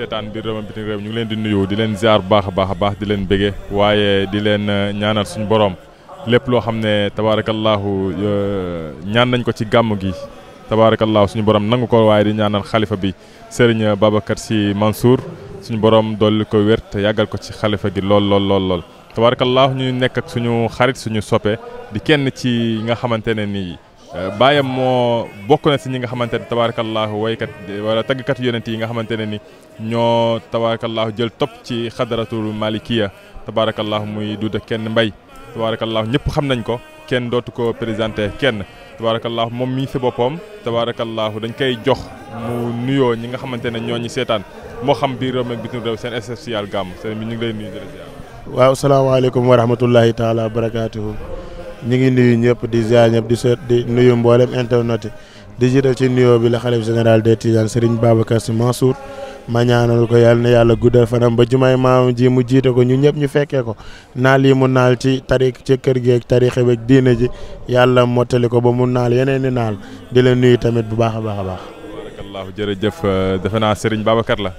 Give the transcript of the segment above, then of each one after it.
seetaan biir réewam bitim réew ñu ngi leen di nuyu di leen ziar baax a baax baax di leen bége waaye di leen euh, ñaanal suñu borom lépp loo xam ne tabaarakallaahu euh, ñaan nañ ko ci gàmm gi tabaarakallaahu suñu borom nangu ko waaye di ñaanal xalifa bi Serigne Babacar Sy Mansour suñu borom dolli ko wér te yàggal ko ci xalifa gi lool lool lool lool tabaarakallaahu ñu nekk ak suñu xarit suñu soppe di kenn ci nga xamante ne nii. Euh, baayam moo bokk na si ñi nga xamante ne tabaarakallaahu waykat wala kat yonent yi nga xamante ne ni ñoo tabaarakallaahu jël topp ci xadaratul malikiya tabaarakallaahu muy duuda kenn mbay tabaarakallaahu ñëpp xam nañ ko kenn dootu ko présenté kenn tabaarakallaahu moom mii si boppam tabaarakallaahu dañ koy jox mu nuyoo ñi nga xamante ne ñoo ñu seetaan moo xam biir réew mi ak bitim réew seen spécial gàmm seen bi ñu ngi lay nuyu di la ziar ñu ngi nuyu ñëpp di ziar ñëpp di seet di nuyu mboolem internet yi di jiital ci nuyoo bi la xale général des Tidianes Serigne Babacar Sy Mansour ma ñaanal ko yàlla na yàlla guddal fanam ba jumaay maam ji mu jiite ko ñun ñëpp ñu fekkee ko naal yi mu naal ci tari ci kër gi ak tariixa bi ak diine ji yàlla mottali ko ba mu naal yeneen i naal di la nuyu tamit bu baax a baax a baax. barakallahu jërëjëf defe naa Serigne Babacar la.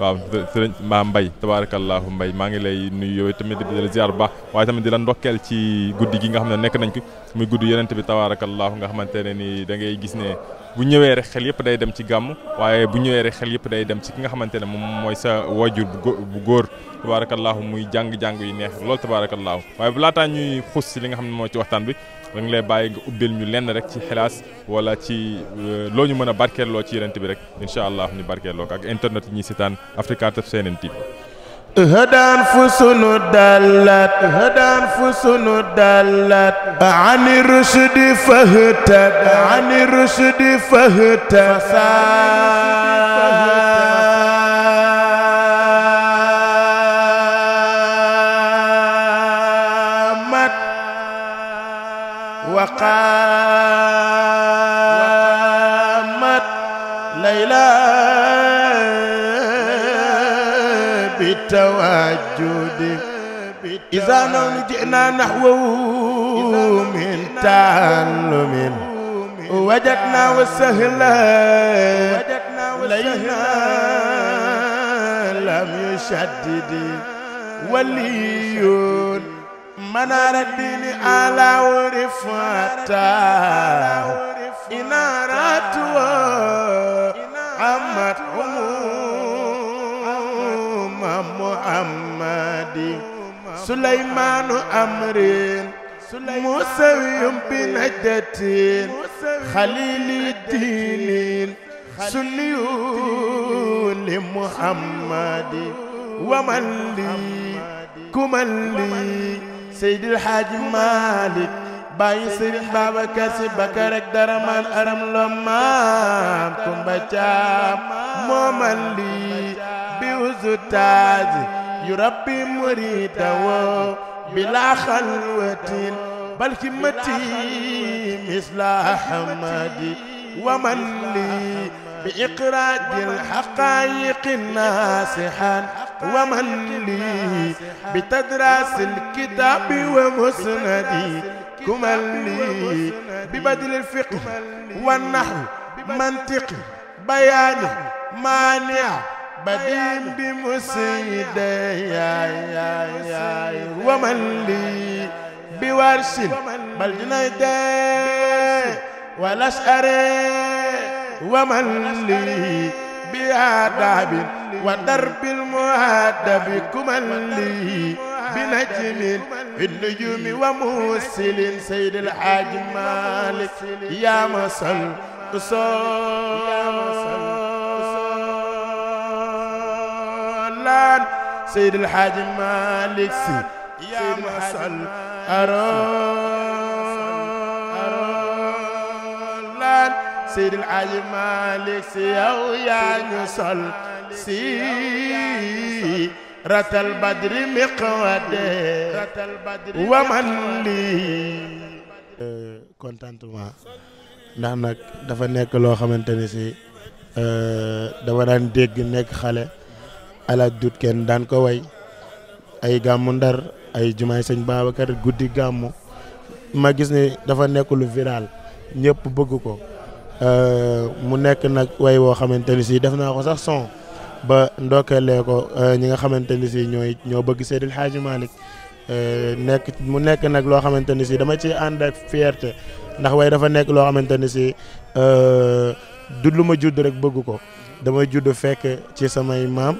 waaw sëriñ mbaa mbay tabaarakallaahu mbay maa ngi lay nuyu yow tamit di la ziar bu baax waaye tamit di la ndokkeel ci guddi gi nga xam ne nekk nañ ko muy guddi yonent bi tabaarakallaahu nga xamante ne nii dangay gis ne bu ñëwee rek xel yëpp day dem ci gàmm waaye bu ñëwee rek xel yëpp day dem ci ki nga xamante ne moom mooy sa wajur bu góor tabaarakallaahu muy jàng-jàng yu neex loolu tabaarakallaahu waaye bu laataa ñuy xus ci li nga xam ne moo ci waxtaan bi da nga lay bàyyi nga ubbil ñu lenn rek ci xilaas wala ci euh, loo ñu mën a barkeeloo ci yonent bi rek incha allah ñu barkeeloo ko ak internet yi ñuy seetaan Africa Top CNN هدى انفسنا دلت هدى انفسنا دلت عن الرشد فاهتد عن الرشد فاهتد فسامت وقامت إذا نون جئنا نحوه من تعلم وجدنا وجدنا وسهلا لم يشدد ولي منار الدين على ورفاتا إنارات عموم محمد سليمان أمرين موسى بن عدتين خليل الدينين سني لمحمد ومن لي كمن لي سيد الحاج مالك باي سيد بابا كاسي بكرك درمان أرم لما كم بچا مومن لي بيوزو تازي يربي مريده بلا خلوة بل همتي مثل أحمد ومن لي بإقراج الحقائق ناصحا ومن لي بتدرس الكتاب ومسندي كمن لي ببدل الفقه والنحو منطقي بياني مانع بدين يا ومن لي بورسل بل جنيدي والأشعري ومن لي بآداب ودرب المؤدب كمن لي بنجم في النجوم وموسل سيد الحاج مالك يا مصل أصول سيد الحاج مالك يا محسن أرون سيد الحاج مالك سي يا مسل سي رت البدر مقود ومن لي contentement ndax nag dafa nekk loo xamante ni si dama daan dégg xale alaaj dut kenn daan ko way ay gàmmu ndar ay jumaay sëñ Babacar guddi gàmmu ma gis ni dafa nekk lu viral ñëpp bëgg ko euh, mu nekk nag way woo xamante ni si def naa ko sax son ba ndokkeelee ko euh, ñi nga xamante ni si ñooy ñoo bëgg Seydil Hadji Malick euh, nekk mu nekk nag loo xamante ni si dama ci ànd ak fierté ndax way dafa nekk loo xamante ni si du lu ma judd rek bëgg ko dama judd fekk ci samay maam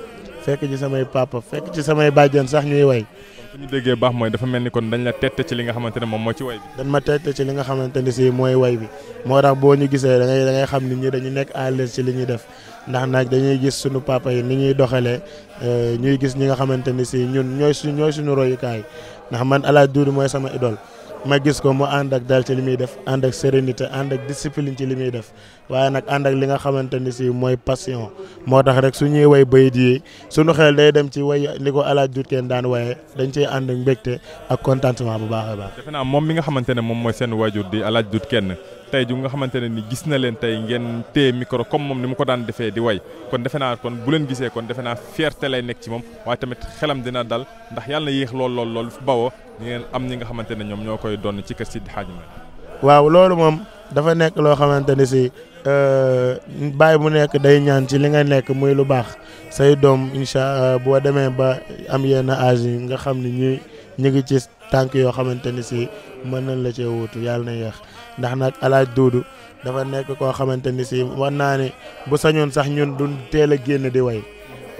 fekk ci samay papa fekk ci samay bàjjan sax ñuy way. kon ñu déggee baax mooy dafa mel ni kon dañ la tette ci li nga xamante ne moom moo ci way bi. dañ li nga xamante ne si mooy way bi moo tax boo ñu gisee da ngay xam nit ñi dañu nekk à l'aise ci li ñuy def ndax naaj dañuy gis suñu papa yi ni ñuy doxalee eh, ñuy gis ñi nga xamante ne si ñun ñooy suñu ñooy suñu royukaay ndax man Alaaji Duudu mooy sama idole. ma gis ko mu ànd ak dal ci li muy def ànd ak sérénité ànd ak discipline ci li muy def waaye nag ànd ak li nga xamante ni si mooy passion moo tax rek su ñuy way bayit yi suñu xel day dem ci way li ko alaaj dut kenn daan waaye dañ ciy ànd ak mbégte ak contentement bu baax a baax. defe moom mi nga xamante ne moom mooy seen waajur di alaaj dut kenn tey ju nga xamante ne ni gis na leen tey ngeen téye micro comme moom ni mu ko daan defee di way kon defe naa kon bu leen gisee kon defe naa fierté lay nekk ci moom waaye tamit dina dal ndax yàlla yéex lool lool lool fu bawoo ngeen am ñi nga xamante ne ñoom ñoo koy doon ci kër si xaaj ma waaw loolu moom dafa nekk loo xamante ne si euh, bàyyi mu nekk day ñaan ci li nga nekk muy lu baax say doom incha euh, boo demee ba am yenn âge nga xam ne ñu ñu ngi ci tànk yoo xamante ni si mën nañ la cee wuutu yàlla na yéex ndax nag alaaj duudu dafa nekk koo xamante ni si war naa ne bu sañoon sax ñun du teel a génn di way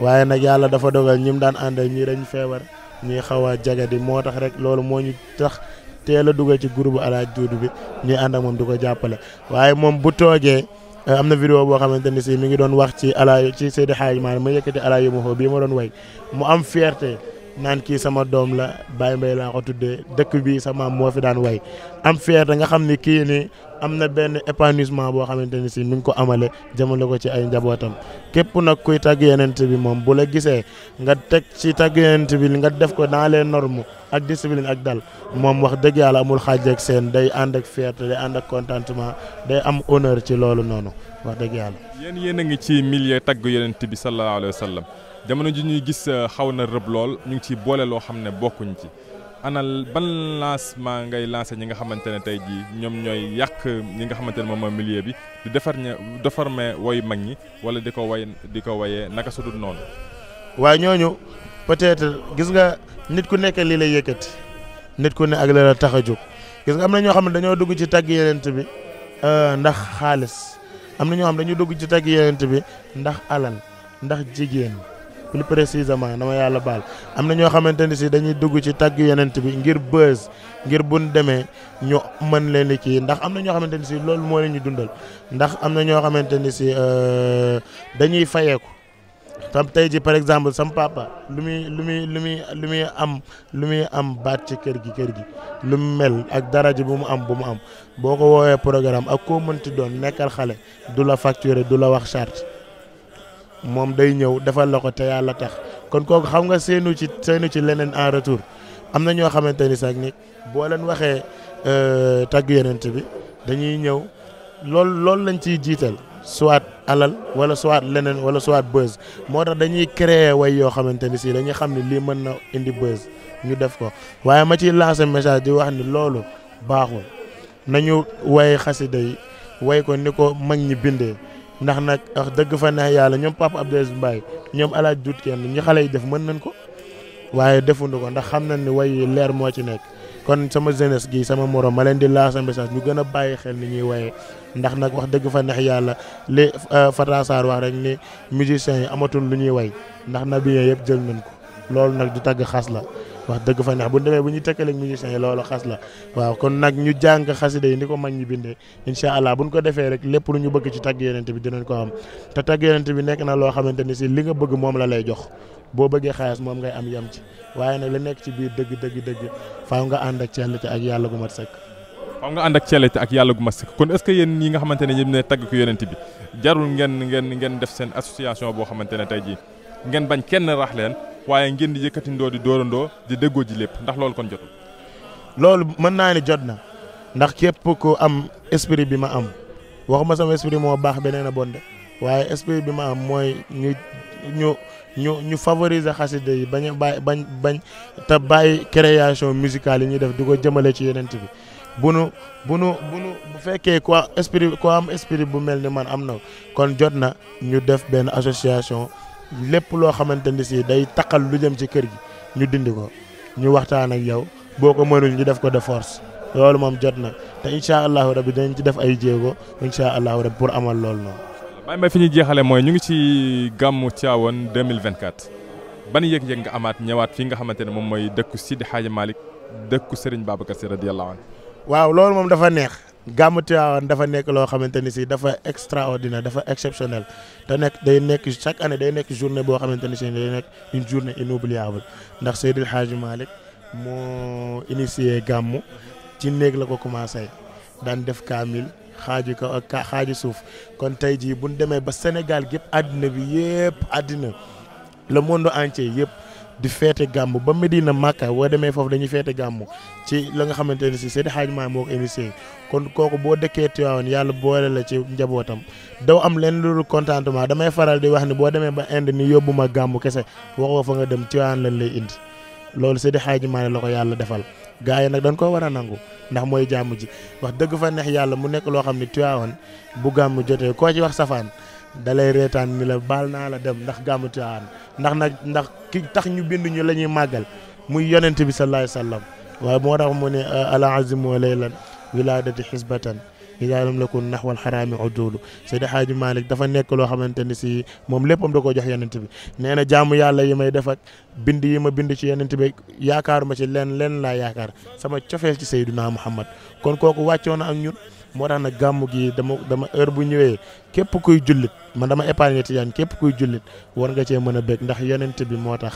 waaye nag yàlla dafa dogal ñi mu daan àndal ñii dañ feebar ñuy xaw a jagadi moo tax rek loolu moo ñu tax teel a dugal ci groupe alaaj duudu bi ñuy ànd ak moom di ko jàppale waaye moom bu toogee eh, am na vidéo boo xamante ni si mi ngi doon wax ci alaay ci Seydi Hadji Malick ma yëkkati alaay yu ma bii ma doon way mu am fierté naan kii sama doom la Baye Mbaye laa ko tuddee dëkk bii bi maam moo fi daan way am fier da nga xam ni kii ni am na benn épanouissement boo xamante ni si mi ngi ko amale jëmale ko ci ay njabootam képp nag kuy tàgg yenent bi moom bu la gisee nga teg ci tagg yenent bi nga def ko dans leen normu ak discipline ak dal moom wax dëgg yàlla amul xaaj ak seen day ànd ak fierté day ànd ak contentement day am honneur ci loolu noonu wax dëgg yàlla. yéen yéen a ngi ci milieu tagg yenent bi sallallahu alayhi wa jamono ji ñuy gis euh, xaw na rëb lool ñu ngi ci boole loo xam ne bokkuñ ci anal ban lancement ngay lancé ñi nga xamante ne tey jii ñoom ñooy yàq ñi nga xamante ne moom mooy milieu bi di defar ña déformer woy mag ñi wala di ko way di ko wayee naka su noonu. waaye ñooñu peut-être gis nga nit ku nekk lii lay yëkkati nit ku ne ak la la tax a jóg gis nga am na ñoo xam ne dañoo dugg ci tàgg yenent bi euh, ndax xaalis am na ñoo xam ne dugg ci tagg yenent bi ndax alal ndax jigéen. plus précisément dama yàlla baal am na ñoo xamante ni si dañuy dugg ci tàgg yonent bi ngir bës ngir bun demee ñu mën leen di kii ndax am na ñoo xamante ni si loolu moo leen ñu dundal ndax am na ñoo xamante ni si euh, dañuy fayeeku tam tey ji par exemple sam papa lu muy lu muy lu muy lu muy am lu muy am baat ci kër gi kër gi lu mu mel ak daraja bu mu am bu mu am boo ko woowee programme ak koo mënti doon nekkal xale du la facturer du la wax charte moom day ñëw defal la ko te yàlla tax kon kooku xam nga seenu ci seenu ci leneen en retour am na ñoo xamante ni sax ni boo leen waxee euh, tagg yonent bi dañuy ñëw lool loolu lañ ciy jiital soit alal wala soit leneen wala soit buzz moo tax dañuy créer way yoo xamante ni si dañuy xam ne lii mën na indi buzz ñu def ko waaye ma ciy lancer message di wax ni loolu baaxul nañu way xasida yi way ko ni ko mag ñi bindee ndax nag wax dëgg fa neex yàlla ñoom papa Abdoulaye Mbaye ñoom alaaj dut kenn ñi xale yi def mën nañ ko waaye defundu ko ndax xam nañ ni way leer moo ci nekk kon sama jeunesse gi sama morom ma leen di laasa message ñu gën a bàyyi xel ni ñuy woyee ndax nag wax dëgg fa neex yàlla li euh, Fata Sarr wax rek ni musiciens yi amatul lu ñuy way ndax nabiyen yëpp jël nañ ko loolu nag di tagg xas la wax dëgg fa neex bu demee bu ñu tëkkaleeg musiciens yi loolu xas la waaw kon nag ñu jàng xasida yi ni ko mag ñi bindee incha allah bu buñ ko defee rek lépp lu ñu bëgg ci tagg yonent bi dinañ ko am te tagg yonent bi nekk na loo xamante ni si li nga bëgg moom la lay jox boo bëggee xaalis moom ngay am yam ci waaye nag la nekk ci biir dëgg dëgg dëgg faaw nga ànd ak ci ak yàlla gu mat sëkk faaw nga ànd ak cellite ak yàlla gu mat sëkk kon est-ce que xamante ne ñoom ne tagg ko yonent bi jarul ngeen ngeen ngeen def seen association boo xamante ne tey jii ngeen bañ kenn rax leen waaye ngeen di yëkkatindoo di dóorandoo di déggoo ji lépp ndax loolu kon jotul. loolu mën naa ne jot na ndax képp ko am esprit bi ma am waxuma sama esprit moo baax beneen a bon de waaye esprit bi ma am mooy ñu ñu ñu ñu favoriser xasida yi bañ bañ bañ te bàyyi création musicale yi ñuy def di ko jëmale ci yeneen bi bu nu bu nu bu nu bu fekkee ku esprit ku am esprit bu mel ni man am na kon jot na ñu def benn association. lépp loo xamante ni sii day taqal lu jëm ci kër gi ñu dindi ko ñu waxtaan ak yow boo ko mënul ñu def ko de force loolu moom jot na te incha allahu bi dinañ ci def ay jéego incha allahu rabi pour amal loolu noonu. Baye Mbaye fi ñuy jeexale mooy ñu ngi ci gàmmu Tivaouane 2024 ban yëg-yëg nga amaat ñëwaat fii nga xamante ne moom mooy dëkku Sidi Hadj Malick dëkku Serigne Babacar Sy radiyallahu anhu waaw loolu moom dafa neex. gàmmu Tiwaawan dafa nekk loo xamante ni si dafa extraordinaire dafa exceptionnel te nekk day nekk chaque année day nekk journée boo xamante ni si day nekk une journée inoubliable ndax Seydil xaaju Malick moo initié gàmmu ci néeg la ko commencé daan def kaamil xaaju ko ak xaaju suuf kon tey jii bu ñu demee ba Sénégal gépp àddina bi yëpp àddina le monde entier yëpp. di feete gàmm ba Medina Màkka boo demee foofu dañuy feete gàmm ci la nga xamante ne si Seydi Hadj Maam moo ko initié kon kooku boo dëkkee Tivaouane yàlla boole la ci njabootam daw am leen lu contentement damay faral di wax ni boo demee ba Inde ni yóbbu ma gàmm kese waxoo fa nga dem Tivaouane lañ lay indi loolu Seydi Hadj Maam la ko yàlla defal gaa yi nag dañ koo war a nangu ndax mooy jàmm ji wax dëgg fa neex yàlla mu nekk loo xam ne Tivaouane bu gàmmu jotee koo ci wax safaan da lay reetaan ni la baal naa la dem ndax ti Tiwaawan ndax nag ndax ki tax ñu bindu ñu la ñuy màggal muy yonent bi sallallahu alayhi wa sallam waaye moo tax mu ne ala azim wa laylan wiladati xisbatan idaalam lakun naxwal xaraami udulu Seydi Xaaji Malick dafa nekk loo xamante ni si moom léppam da ko jox yonent bi nee na jaamu yàlla yi may def ak bind yi ma bind ci yonent bi yaakaaruma ci lenn lenn laa yaakaar sama cofeel ci Seydina Muhammad kon kooku wàccoon ak ñun moo tax nag gàmmu gi dama dama heure bu ñëwee képp kuy jullit man dama épargné tijaan képp kuy jullit war nga cee mën a bëgg ndax yonent bi moo tax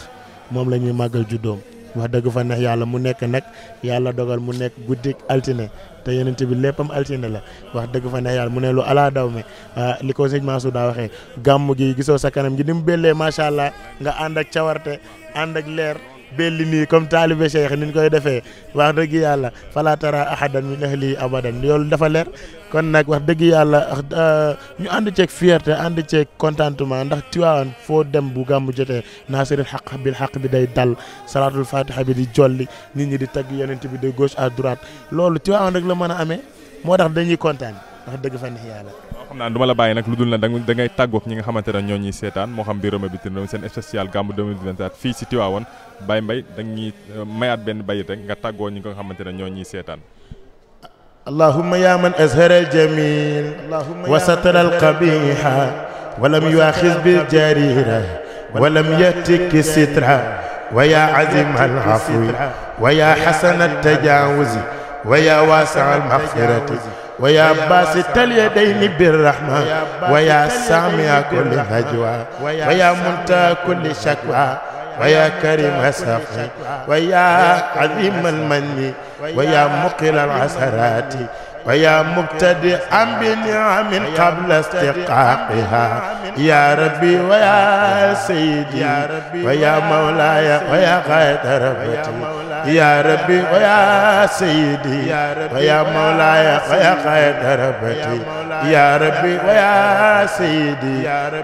moom la ñuy màggal juddoom wax dëgg fa neex yàlla mu nekk nag yàlla dogal mu nekk guddik altine te yonent bi léppam altine la wax dëgg fa neex yàlla mu ne lu alaa daw me ah, li ko sëñ Mansour daa waxee gàmm gi gisoo sa kanam gi ni mu bellee macha allah nga ànd ak cawarte ànd ak leer belli nii comme taalibe cheikh ni ñu koy defee wax dëgg yàlla fala tara ahadan min ahli abadan loolu dafa leer kon nag wax dëgg yàlla ñu ànd ceeg fierté ànd ceeg contentement ndax Tiwaawan foo dem bu gàmmu jotee naasiril xaq bil xaq bi day dal salaatul fatiha bi di jolli nit ñi di tagg yonent bi de gauche à droite loolu Tiwaawan rek la mën a amee moo tax dañuy kontaan wax dëgg fa neex xam naa du ma la bàyyi nag lu dul na da ngay tàggoog ñi nga xamante ne ñoo ñuy seetaan moo xam biir Roma bi bitim seen spécial gàmmu 2024 fii si Tivaouane Baye Mbaye da ñuy mayaat benn bayit rek nga tàggoo ñi nga xamante ne ñoo ñuy seetaan allahumma ya man azhara al jamil wa satara al qabiha wa lam yuaxiz bil jarira wa lam yatiki sitra wa ya xasana al wa ya waasa al ويا تلي اليدين بالرحمة ويا سامي كل هجوة ويا منتا كل شكوى ويا كريم السخي ويا عظيم المني ويا مقل العسرات ويا مبتدئا بنعم قبل استحقاقها يا ربي ويا سيدي ويا مولاي ويا غاية ربتي या रबी वया सईदी वया मौलाया वया कैदर बती या रबी वया सईदी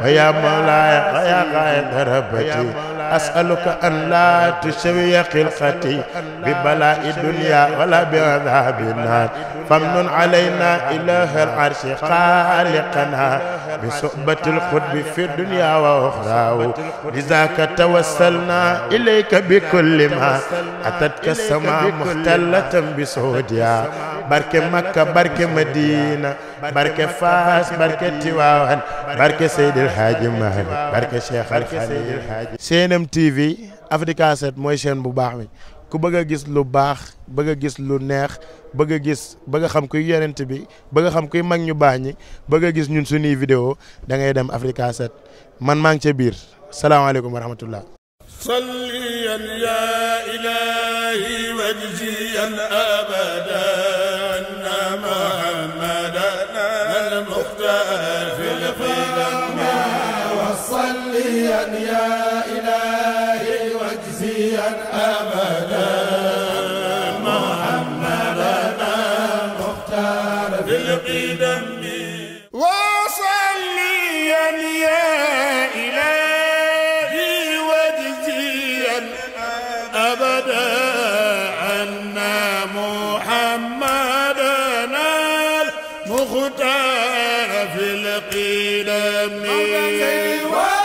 वया मौलाया वया कैदर बती أسألك أن لا تشوي خلقتي ببلاء الدنيا ولا بعذاب النار فمن علينا إله العرش خالقنا بصحبة الخطب في الدنيا وأخرى لذاك توسلنا إليك بكل ما أتتك السماء مختلة بسعودية بارك مكة بارك مدينة بارك فاس بارك تيوان بارك سيد الحاج مهدي بارك شيخ الخليل سين M TV Africa 7 mooy chaîne bu baax bi ku bëgg a gis lu baax bëgg a gis lu neex bëgg a gis bëgg a xam kuy yonent bi bëgg a xam kuy mag ñu baax ñi bëgg a gis ñun suñuy vidéo da ngay dem Africa 7 man maa ngi cee biir salaamaaleykum wa rahmatullah واجزيا يا إلهي واجزيا أبدا محمدنا المختار في القدم وصليا يا إلهي واجزيا أبدا عنا محمدنا المختار في القدم